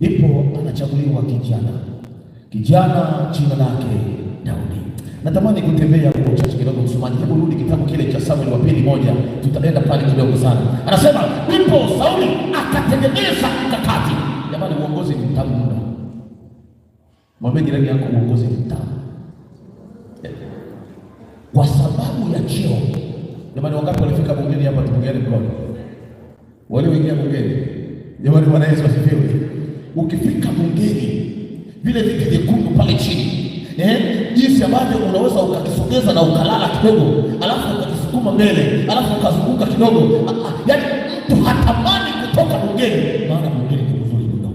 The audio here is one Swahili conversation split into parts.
ndipo anachaguliwa kijana, kijana jina lake Daudi. Natamani kutembea huko chache kidogo, msomaji, hebu rudi kitabu kile cha Samueli wa pili moja, tutaenda pale kidogo sana. Anasema ndipo Sauli akatengeneza mkakati. Jamani, uongozi ni mtamu mno. Mwambie jirani yako, uongozi ni mtamu eh. kwa sababu ya cheo. Jamani, wangapi walifika bungeni hapa? Tupungeane mkono wale wengine bungeni. Jamani, Bwana Yesu asifiwe ukifika bungeni vile viti vyekundu pale chini eh, jinsi ambavyo unaweza ukakisogeza na ukalala kidogo, alafu ukakisukuma mbele, alafu ukazunguka kidogo. Ah, ah, yaani mtu hatamani kutoka bungeni, maana bungeni ni mzuri kidogo,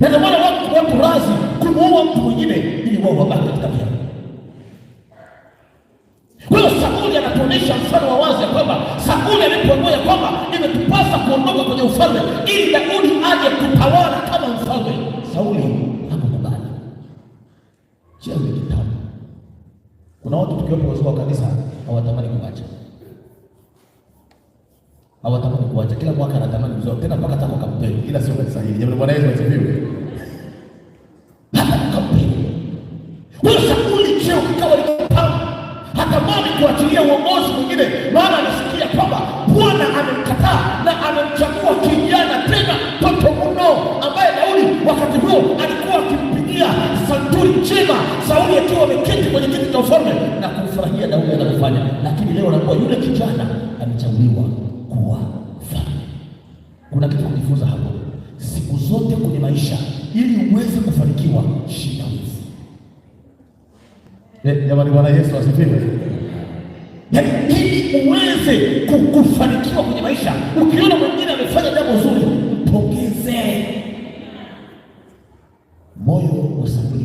na ndio maana watu watu razi kumuua mtu mwingine ili wao wabaki katika vita. Kwa hiyo Sauli anatuonyesha mfano wa wazi ya kwamba Sauli alipoamua ya kwamba imetupasa kuondoka kwenye ufalme ili aje kama mfalme. Sauli hakukubali. Cheza kitabu. Kuna watu tukiwepo wazee wa kanisa hawatamani kuacha, hawatamani kuacha. Kila mwaka anatamani mzao tena mpaka tako kampeni, ila sio kanisa hili. Jamani, Bwana Yesu asifiwe. Hata kampeni huyo Sauli cheo kikawa likopanga, hatamani kuachilia uongozi mwingine, maana anasikia kwamba Bwana amemkataa. wameketi kwenye kiti cha ufalme na kumfurahia Daudi anavyofanya, lakini leo anakuwa yule kijana amechaguliwa kuwa mfalme. Kuna kitu kujifunza hapo. Siku zote kwenye maisha, ili uweze kufanikiwa, shida wivu. Eh, jamani, Bwana Yesu asifiwe. Yaani, ili uweze kufanikiwa kwenye maisha, ukiona mwingine amefanya jambo zuri, pongeze moyo wa